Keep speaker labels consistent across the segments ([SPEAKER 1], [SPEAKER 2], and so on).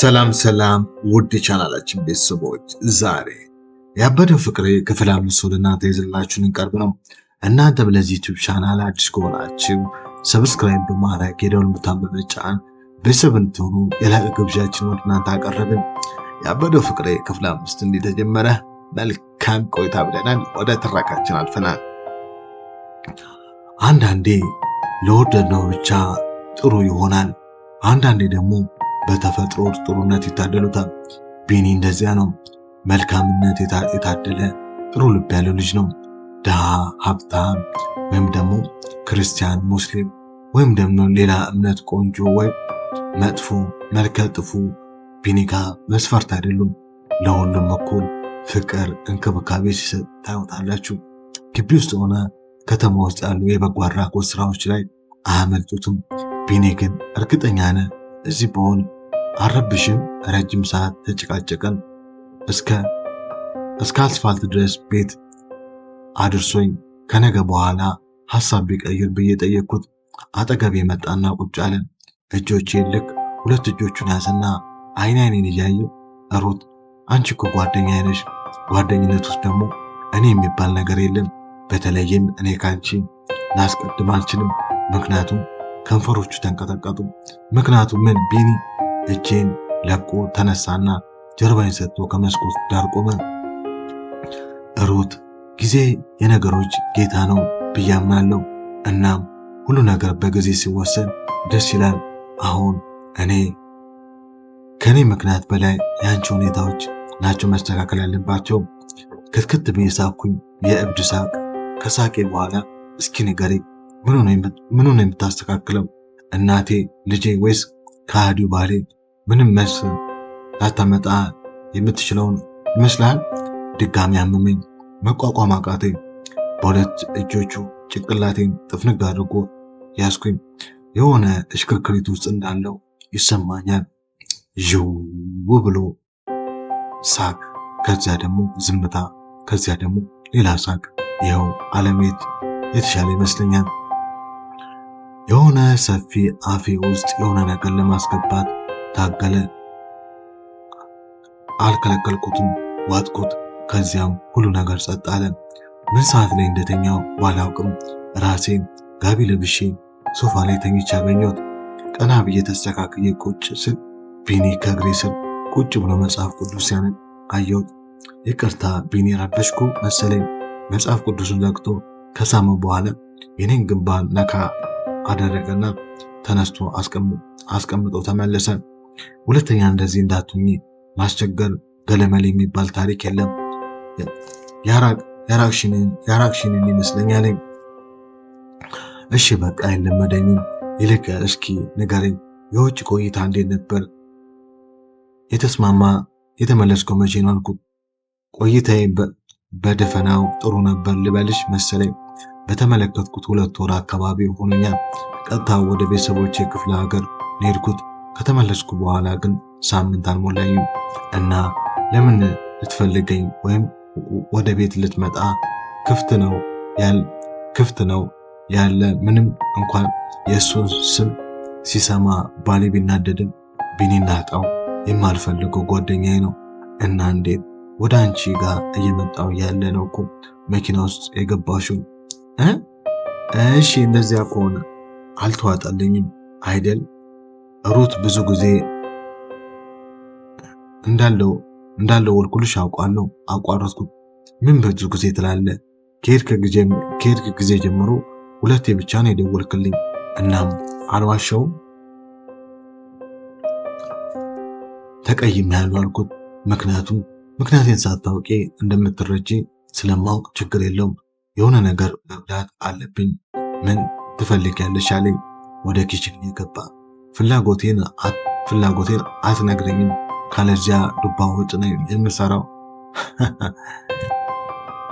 [SPEAKER 1] ሰላም ሰላም ውድ ቻናላችን ቤተሰቦች ዛሬ ያበደው ፍቅሬ ክፍል አምስት ወደ እናንተ ይዘንላችሁን እንቀርብ ነው። እናንተም ለዚህ ዩቲዩብ ቻናል አዲስ ከሆናችሁ ሰብስክራይብ በማድረግ የደወል ምልክቱን በመጫን ቤተሰብ እንድትሆኑ የላቀ ግብዣችን ወደ እናንተ አቀረብን። ያበደው ፍቅሬ ክፍል አምስት እንደተጀመረ መልካም ቆይታ ብለናል። ወደ ትረካችን አልፈናል። አንዳንዴ ለወደድነው ብቻ ጥሩ ይሆናል፣ አንዳንዴ ደግሞ በተፈጥሮ ጥሩነት ይታደሉታል። ቢኒ እንደዚያ ነው። መልካምነት የታደለ ጥሩ ልብ ያለው ልጅ ነው። ድሃ፣ ሀብታም ወይም ደግሞ ክርስቲያን፣ ሙስሊም ወይም ደግሞ ሌላ እምነት ቆንጆ ወይ መጥፎ፣ መልከ ጥፉ ቢኒ ጋ መስፈርት አይደሉም። ለሁሉም እኩል ፍቅር፣ እንክብካቤ ሲሰጥ ታወጣላችሁ። ግቢ ውስጥ ሆነ ከተማ ውስጥ ያሉ የበጎ አድራጎት ስራዎች ላይ አያመልጡትም። ቢኒ ግን እርግጠኛ ነ እዚህ በሆን አረብሽም ረጅም ሰዓት ተጨቃጨቀን። እስከ እስከ አስፋልት ድረስ ቤት አድርሶኝ ከነገ በኋላ ሀሳብ ቢቀይር ብዬ ጠየቅኩት። የመጣና ቁጭ አለ። እጆቼ ልክ ሁለት እጆቹን ያዘና አይን አይኔን እያየ እሩት አንቺ እኮ ጓደኛ ነሽ። ጓደኝነት ውስጥ ደግሞ እኔ የሚባል ነገር የለም። በተለይም እኔ ካንቺ ላስቀድም አልችልም። ምክንያቱም ከንፈሮቹ ተንቀጠቀጡ። ምክንያቱም ምን ቢኒ እጄን ለቆ ተነሳና ጀርባይን ሰጥቶ ከመስኮት ዳር ቆመ። ሩት ጊዜ የነገሮች ጌታ ነው ብዬ አምናለሁ። እናም ሁሉ ነገር በጊዜ ሲወሰን ደስ ይላል። አሁን እኔ ከኔ ምክንያት በላይ የአንቺ ሁኔታዎች ናቸው መስተካከል ያለባቸው። ክትክት ብዬ ሳኩኝ፣ የእብድ ሳቅ። ከሳቄ በኋላ እስኪ ንገሪ፣ ምኑ ነው የምታስተካክለው? እናቴ፣ ልጄ፣ ወይስ ከሃዲው ባሌ? ምንም መልስ ሳታመጣ የምትችለውን ይመስላል። ድጋሚ አመመኝ፣ መቋቋም አቃተኝ። በሁለት እጆቹ ጭንቅላቴን ጥፍንግ አድርጎ ያስኩኝ። የሆነ እሽክርክሪት ውስጥ እንዳለው ይሰማኛል። ዥው ብሎ ሳቅ፣ ከዚያ ደግሞ ዝምታ፣ ከዚያ ደግሞ ሌላ ሳቅ። ይኸው አለሜት የተሻለ ይመስለኛል። የሆነ ሰፊ አፌ ውስጥ የሆነ ነገር ለማስገባት ታገለ። አልከለከልኩትም፣ ዋጥኩት። ከዚያም ሁሉ ነገር ጸጥ አለ። ምን ሰዓት ላይ እንደተኛው ባላውቅም ራሴን ጋቢ ለብሼ ሶፋ ላይ ተኝቼ አገኘሁት። ቀና ብዬ ተስተካክዬ ቁጭ ስል ቢኒ ከእግሬ ስር ቁጭ ብሎ መጽሐፍ ቅዱስ ሲያነብ አየሁት። ይቅርታ ቢኒ ረበሽኩ መሰለኝ። መጽሐፍ ቅዱስን ዘግቶ ከሳመ በኋላ የኔን ግንባር ነካ አደረገና ተነስቶ አስቀምጦ ተመለሰ። ሁለተኛ እንደዚህ እንዳትሆኚ ማስቸገር ገለመል የሚባል ታሪክ የለም። ያራቅሽንን ይመስለኛል። እሺ በቃ አይለመደኝም። ይልቅ እስኪ ንገረኝ፣ የውጭ ቆይታ እንዴት ነበር? የተስማማ የተመለስከው መቼ ነው አልኩት። ቆይታዬ በደፈናው ጥሩ ነበር ልበልሽ መሰለኝ። በተመለከትኩት ሁለት ወር አካባቢ ሆኖኛል። ቀጥታ ወደ ቤተሰቦቼ ክፍለ ሀገር ሄድኩት። ከተመለስኩ በኋላ ግን ሳምንት አልሞላኝም እና ለምን ልትፈልገኝ ወይም ወደ ቤት ልትመጣ ክፍት ነው ያለ ምንም እንኳን የእሱን ስም ሲሰማ ባሌ ቢናደድም ቢኒናጣው የማልፈልገው ጓደኛዬ ነው እና እንዴት ወደ አንቺ ጋር እየመጣው ያለ ነው እኮ መኪና ውስጥ የገባሽው እሺ እንደዚያ ከሆነ አልተዋጠልኝም አይደል ሩት ብዙ ጊዜ እንዳለው እንዳለው ወልኩልሽ አውቋለሁ አቋረጥኩ። ምን ብዙ ጊዜ ትላለ? ከሄድክ ጊዜ ጀምሮ ሁለቴ ብቻ ነው የደወልክልኝ። እናም አልዋሸውም፣ ተቀይሜያለሁ አልኩት። ምክንያቱም ምክንያቴን ሳታውቂ እንደምትረጂ ስለማውቅ ችግር የለውም፣ የሆነ ነገር መብላት አለብኝ። ምን ትፈልጊያለሽ አለኝ። ወደ ኪችን የገባ ፍላጎቴን አትነግረኝም፣ ካለዚያ ዱባ ወጥ ነው የምሰራው።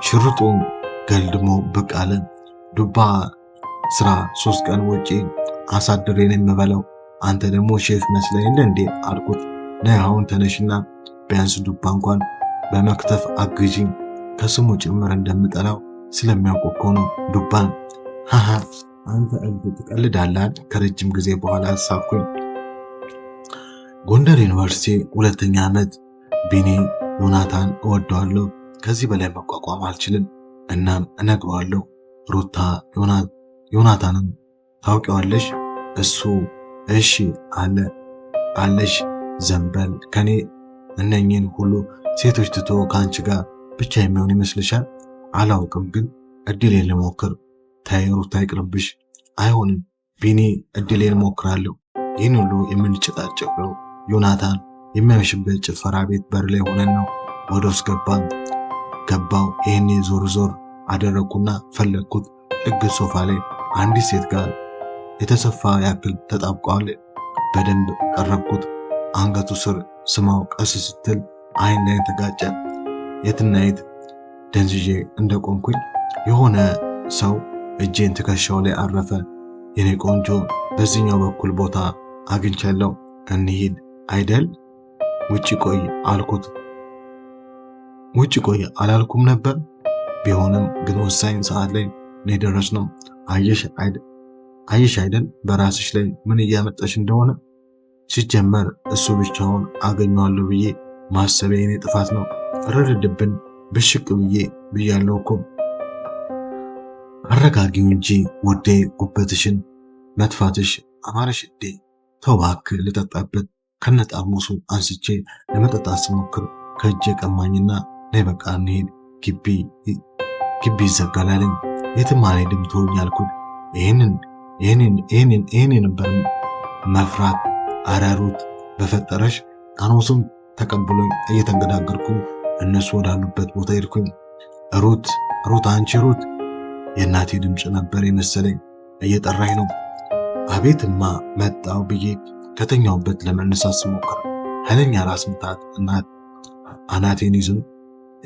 [SPEAKER 1] ሽርጡን ገልድሞ ብቅ አለ። ዱባ ስራ ሶስት ቀን ውጪ አሳድሬን የምበለው አንተ ደግሞ ሼፍ መስለህ እንዴ አልኩት። ነይ አሁን ተነሽና ቢያንስ ዱባ እንኳን በመክተፍ አግዢኝ። ከስሙ ጭምር እንደምጠላው ስለሚያውቁ እኮ ነው ዱባን። አንተ እብድ ትቀልዳለህ። ከረጅም ጊዜ በኋላ አሳኩኝ። ጎንደር ዩኒቨርሲቲ ሁለተኛ ዓመት ቢኒ ዮናታን እወደዋለሁ። ከዚህ በላይ መቋቋም አልችልም። እናም እነግረዋለሁ። ሩታ ዮናታንን ታውቂዋለሽ? እሱ እሺ አለ። አለሽ ዘንበል ከኔ እነኝን ሁሉ ሴቶች ትቶ ከአንቺ ጋር ብቻ የሚሆን ይመስልሻል? አላውቅም፣ ግን እድል ልሞክር ታይሩት አይቅርብሽ፣ አይሆንም ቢኒ፣ እድሌን ሞክራለሁ። ይህን ሁሉ የምንጨቃጨቀው ዮናታን የሚያመሽበት ጭፈራ ቤት በር ላይ ሆነን ነው። ወደ ውስጥ ገባን ገባው። ይህኔ ዞር ዞር አደረግኩና ፈለግኩት። ጥግት ሶፋ ላይ አንዲት ሴት ጋር የተሰፋ ያክል ተጣብቋል። በደንብ ቀረብኩት። አንገቱ ስር ስማው ቀስ ስትል አይን ላይ ተጋጨ። የትናየት ደንዝዤ እንደቆምኩኝ የሆነ ሰው እጄን ትከሻው ላይ አረፈ። የኔ ቆንጆ በዚህኛው በኩል ቦታ አግኝቻለሁ፣ እንሂድ አይደል? ውጭ ቆይ አልኩት። ውጭ ቆይ አላልኩም ነበር? ቢሆንም ግን ወሳኝ ሰዓት ላይ ነው የደረስነው። አየሽ አይደል በራስሽ ላይ ምን እያመጣሽ እንደሆነ። ሲጀመር እሱ ብቻውን አገኘዋለሁ ብዬ ማሰቤ የኔ ጥፋት ነው። ረድድብን ብሽቅ ብዬ ብያለሁ እኮ አረጋጊው እንጂ ውዴ፣ ጉበትሽን መትፋትሽ አማረሽ እንዴ? ተው እባክህ፣ ልጠጣበት። ከነጠርሙሱ አንስቼ ለመጠጣት ስሞክር ከእጄ ቀማኝና ነይ በቃ እንሂድ፣ ግቢ ይዘጋላልኝ፣ የትም አልሄድም ተውኝ አልኩት። ይህንን ይህን ነበር መፍራት። አረሩት በፈጠረሽ። ቃኖሱም ተቀብሎኝ እየተንገዳገርኩኝ እነሱ ወዳሉበት ቦታ ሄድኩኝ። ሩት ሩት፣ አንቺ ሩት የእናቴ ድምፅ ነበር የመሰለኝ። እየጠራኝ ነው። አቤትማ መጣው ብዬ ከተኛውበት ለመነሳት ስሞክር ኃይለኛ ራስ ምታት አናቴን ይዞ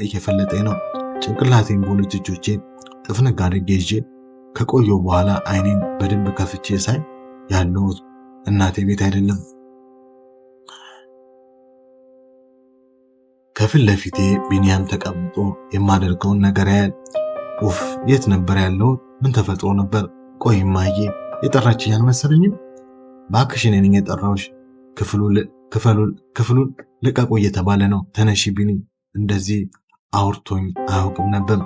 [SPEAKER 1] እየፈለጠኝ ነው። ጭንቅላቴን በሁለት እጆቼ ጥፍንግ አድርጌ ይዤ ከቆየው በኋላ አይኔን በደንብ ከፍቼ ሳይ ያለሁት እናቴ ቤት አይደለም። ከፊት ለፊቴ ቢንያም ተቀምጦ የማደርገውን ነገር ያያል። ኡፍ! የት ነበር ያለው? ምን ተፈጥሮ ነበር? ቆይ እማዬ የጠራችኝ አልመሰለኝም። እባክሽ እኔ ነኝ የጠራሁሽ። ክፍሉን ልቀቁ እየተባለ ነው። ተነሺ ቢኒ። እንደዚህ አውርቶኝ አያውቅም ነበር።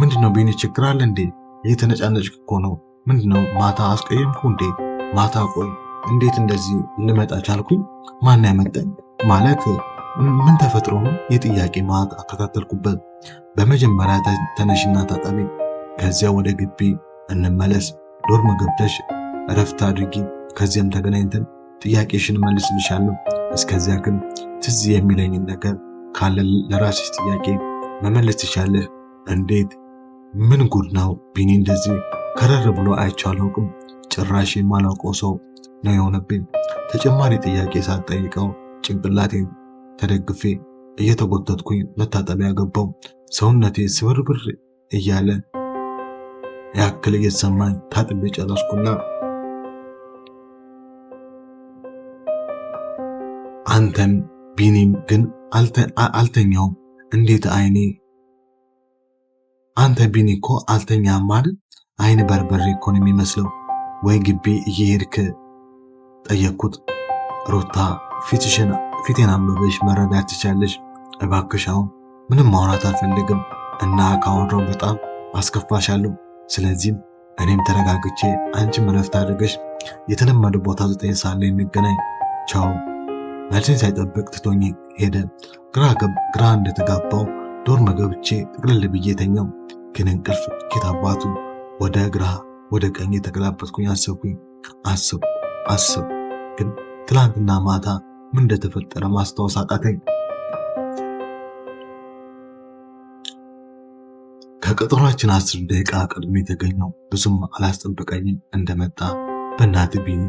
[SPEAKER 1] ምንድነው ቢኒ? ችግር አለ እንዴ? እየተነጫነጭክ እኮ ነው። ምንድነው? ማታ አስቀየምኩ እንዴ? ማታ ቆይ፣ እንዴት እንደዚህ ልመጣ ቻልኩኝ? ማን ያመጣኝ? ማለት ምን ተፈጥሮ ነው? የጥያቄ ማታ አከታተልኩበት በመጀመሪያ ተነሽና ታጠቢ፣ ከዚያ ወደ ግቢ እንመለስ። ዶርም ገብተሽ እረፍት አድርጊ። ከዚያም ተገናኝተን ጥያቄሽን መልስልሻለሁ። እስከዚያ ግን ትዝ የሚለኝን ነገር ካለ ለራስሽ ጥያቄ መመለስ ትሻለህ። እንዴት? ምን ጉድ ነው ቢኒ? እንደዚህ ከረር ብሎ አይቼው አላውቅም። ጭራሽ የማላውቀው ሰው ነው የሆነብኝ። ተጨማሪ ጥያቄ ሳትጠይቀው ጭንቅላቴን ተደግፌ እየተጎተትኩኝ መታጠቢያ ገባው። ሰውነቴ ስብርብር እያለ ያክል እየተሰማኝ ታጥቤ ጨረስኩና አንተም ቢኒም ግን አልተኛውም። እንዴት አይኔ አንተ ቢኒ እኮ አልተኛ ማል አይን በርበሬ ኮን የሚመስለው። ወይ ግቢ እየሄድክ ጠየቅኩት። ሩታ ፊትሽን ፊቴን አንብበሽ መረዳት ትቻለሽ እባክሽ አሁን ምንም ማውራት አልፈልግም እና ካወራው በጣም አስከፋሻለሁ። ስለዚህም እኔም ተረጋግቼ አንቺም እረፍት አድርገሽ የተለመደ ቦታ ዘጠኝ ሰዓት ላይ እንገናኝ። ቻው። መልሴን ሳይጠብቅ ትቶኝ ሄደ። ግራ እንደተጋባው ዶርም ገብቼ ጥቅልል ብዬ ተኛው። ግን እንቅልፍ ኬት አባቱ ወደ ግራ ወደ ቀኝ የተገላበጥኩኝ አሰብኩኝ። አስብ አስብ ግን ትላንትና ማታ ምን እንደተፈጠረ ማስታወስ አቃተኝ። ከቀጠሯችን አስር ደቂቃ ቀድሞ የተገኘው ብዙም አላስጠበቀኝም። እንደመጣ በእናት ቢኒ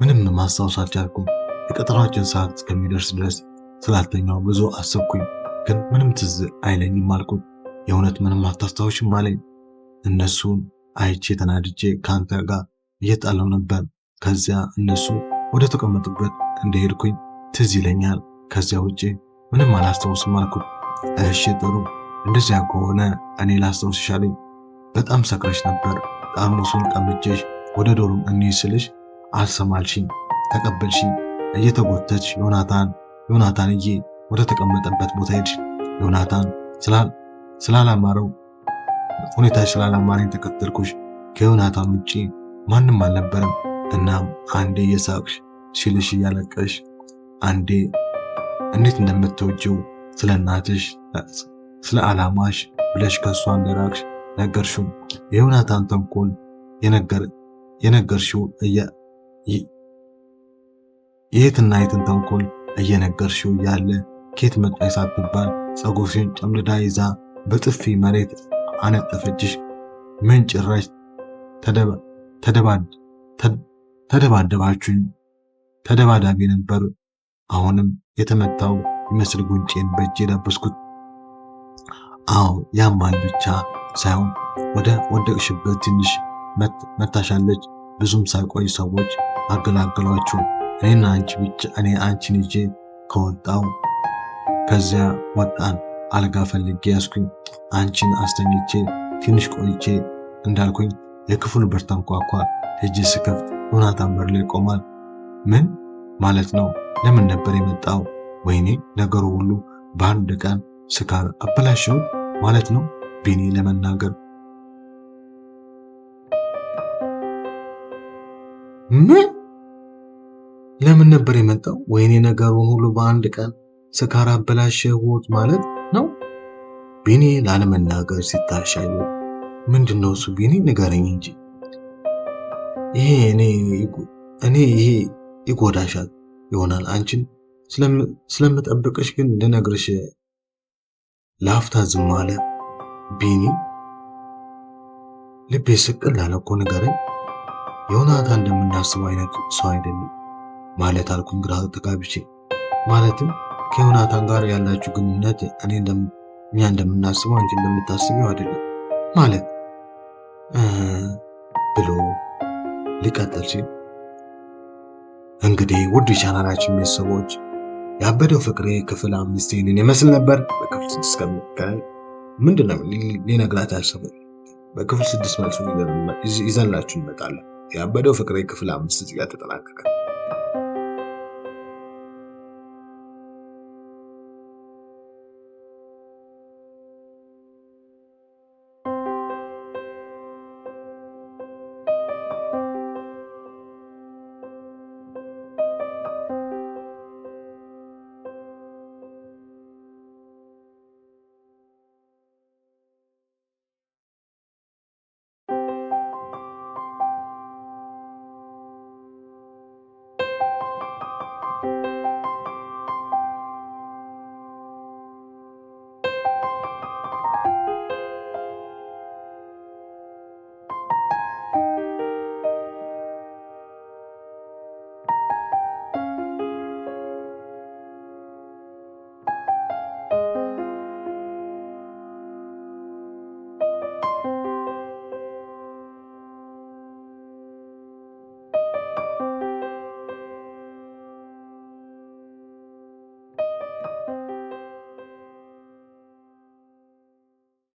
[SPEAKER 1] ምንም ማስታወስ አልቻልኩም። የቀጠሯችን ሰዓት እስከሚደርስ ድረስ ስላልተኛው ብዙ አሰብኩኝ፣ ግን ምንም ትዝ አይለኝም አልኩት። የእውነት ምንም አታስታውሽም አለኝ። እነሱን አይቼ ተናድጄ ከአንተ ጋር እየጣለው ነበር። ከዚያ እነሱ ወደ ተቀመጡበት እንደሄድኩኝ ትዝ ይለኛል። ከዚያ ውጭ ምንም አላስታውስም አልኩት። እሺ ጥሩ እንደዚያ ከሆነ እኔ ላስታውስ ይሻለኝ። በጣም ሰክረሽ ነበር፣ ጠርሙሱን ቀምቼሽ ወደ ዶርም እንሂድ ስልሽ አልሰማልሽኝ፣ ተቀበልሽኝ። እየተጎተች ዮናታን ዮናታንዬ ወደ ተቀመጠበት ቦታ ሄድሽ። ዮናታን ስላላማረው ሁኔታ ስላላማረኝ ተከተልኩሽ። ከዮናታን ውጭ ማንም አልነበረም። እናም አንዴ እየሳቅሽ ሲልሽ እያለቀሽ አንዴ እንዴት እንደምትወጂው ስለ እናትሽ ስለ ዓላማሽ ብለሽ ከእሷ እንደራቅሽ ነገርሽው። የዮናታን ተንኮል የነገርሽው የትና የትን ተንኮል እየነገርሽው ያለ ኬት መጣይ ሳትባል ፀጉርሽን ጨምድዳ ይዛ በጥፊ መሬት አነጠፈችሽ። ምን ጭራሽ ተደባደባችሁኝ? ተደባዳቢ ነበር። አሁንም የተመታው ይመስል ጉንጬን በእጄ ለበስኩት። አዎ ያማል ብቻ ሳይሆን ወደ ወደቅሽበት ትንሽ መታሻለች። ብዙም ሳይቆይ ሰዎች አገላገሏችሁ። እኔና አንቺ ብቻ እኔ አንቺን ይዤ ከወጣው ከዚያ ወጣን። አልጋ ፈልጌ ያስኩኝ። አንቺን አስተኝቼ ትንሽ ቆይቼ እንዳልኩኝ የክፍሉ በር ተንኳኳ። ሄጄ ስከፍት ዮናታን በር ላይ ቆሟል። ምን ማለት ነው? ለምን ነበር የመጣው? ወይኔ ነገሩ ሁሉ በአንድ ቀን ስካር አበላሽው። ማለት ነው ቢኒ ለመናገር ምን ለምን ነበር የመጣው? ወይኔ ነገሩን ሁሉ በአንድ ቀን ስካር አበላሸ ማለት ነው። ቢኒ ላለመናገር ሲታሻይ ምንድን ነው እሱ? ቢኒ ንገረኝ እንጂ ይሄ እኔ ይሄ ይጎዳሻል ይሆናል አንቺን ስለምጠብቅሽ ግን ልነግርሽ ለአፍታ ዝም አለ። ቢኒ ልቤ ስቅል ላለ እኮ ንገረኝ፣ እንደምናስበው አይነት ሰው አይደለም ማለት አልኩኝ ግራ ተጋብቼ። ማለትም ከዮናታን ጋር ያላችሁ ግንኙነት እኔ እኛ እንደምናስበው አንቺ እንደምታስበው አይደለም ማለት ብሎ ሊቀጥል ሲል እንግዲህ ውድ የቻናላችን ቤተሰቦች ያበደው ፍቅሬ ክፍል አምስት ይህንን ይመስል ነበር። በክፍል ስድስት ከምንገናኝ ምንድን ነው ሊነግራት ያሰበ በክፍል ስድስት መልሱ ይዘንላችሁ እንመጣለን። ያበደው ፍቅሬ ክፍል አምስት እዚህ ጋር ተጠናቀቀ።